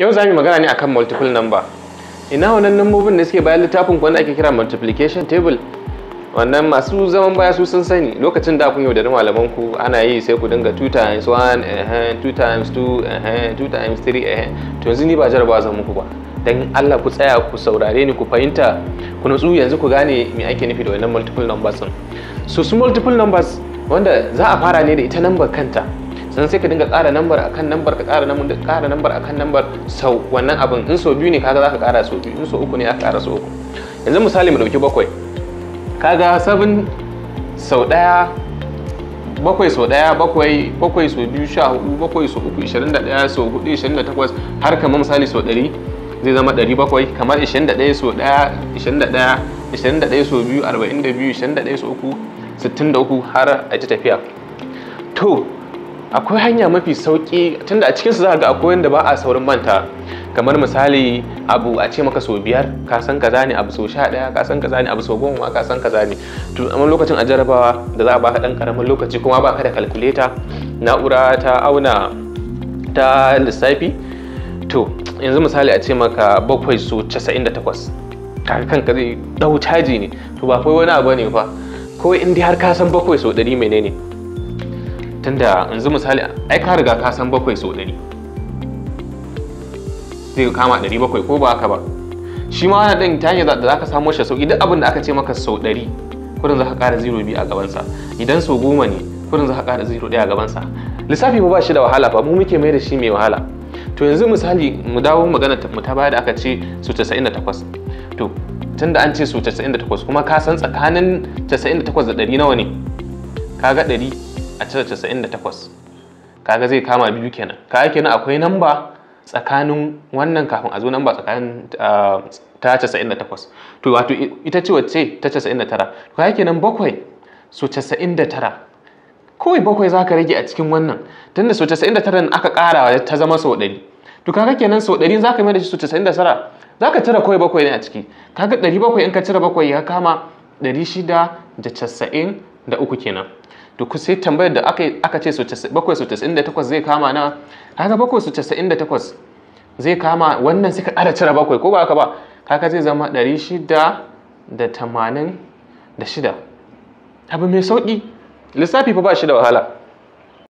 yau za mu magana ne akan multiple number ina wannan nambobin da suke bayan littafin wanda ake kira multiplication table wannan masu zaman baya su sun sani lokacin da kun da malaman ku ana yi sai ku dinga 2 times 1 eh 2 times 2 eh 2 times 3 eh. to yanzu ni ba jarabawa zan muku ba dan Allah ku tsaya ku saurare ni ku fahimta ku nutsu yanzu ku gane me ake nufi da wannan multiple numbers din so su multiple numbers wanda za a fara ne da ita number kanta san sai ka dinga ƙara nambar akan nambar ka ƙara nambar ƙara nambar akan nambar sau wannan abin in so biyu ne kaga zaka ƙara sau biyu in so uku ne aka ƙara sau uku yanzu misali mu dauki bakwai kaga sabin sau ɗaya bakwai sau ɗaya bakwai bakwai sau biyu sha hudu bakwai sau uku ishirin da ɗaya sau hudu ishirin da takwas har kamar misali sau ɗari zai zama ɗari bakwai kamar ishirin da ɗaya sau ɗaya ishirin da ɗaya ishirin da ɗaya sau biyu arba'in da biyu ishirin da ɗaya sau uku sittin da uku har a ji tafiya to akwai hanya mafi sauki tunda a cikinsu za ga akwai wanda ba a saurin manta kamar misali abu a ce maka sau biyar ka san ka zane abu sau sha ɗaya ka san ka zane abu sau goma ka san ka zane to amma lokacin a jarabawa da za a baka ɗan karamin lokaci kuma baka da kalkuleta na'ura ta auna ta lissafi to yanzu misali a ce maka bakwai sau casa'in da takwas kan ka zai ɗau caji ne to ba kai wani abu ne fa kawai in dai har ka san bakwai sau ɗari menene tunda yanzu misali ai ka riga ka san bakwai so ɗari zai kama ɗari bakwai ko ba haka ba shi ma wani ɗin ta hanyar da za ka samo shi sauƙi duk abin da aka ce maka sau ɗari kudin za ka ƙara zero biyu a gabansa idan sau goma ne kudin za ka ƙara zero ɗaya a gabansa lissafi mu ba shi da wahala ba mu muke mai da shi mai wahala to yanzu misali mu dawo magana mu ta baya da aka ce su takwas to tunda an ce su takwas kuma ka san tsakanin casa'in da takwas da ɗari nawa ne ka ga ɗari. a cire 98 kaga zai kama biyu kenan kaga kenan akwai namba tsakanin wannan kafin a zo namba tsakanin ah, ta 98 to wato ita ce wacce ta 99 kaga kenan bakwai so 99 kawai bakwai za ka rage a cikin wannan tunda so 99 aka kara ta zama sau 100 to kaga kenan sau 100 za ka mai da shi so 99 za ka cire kawai bakwai ne a ciki kaga 700 in ka cire bakwai ya kama 690 da uku kenan to ku sai tambayar da aka ce so bakwai su tasa'in da takwas zai kama na kaga bakwai su tasa'in da takwas zai kama wannan sai ka ƙara cira bakwai ko ba haka ba kaga zai zama ɗari shida da tamanin da shida abu mai sauƙi lissafi fa ba shi da wahala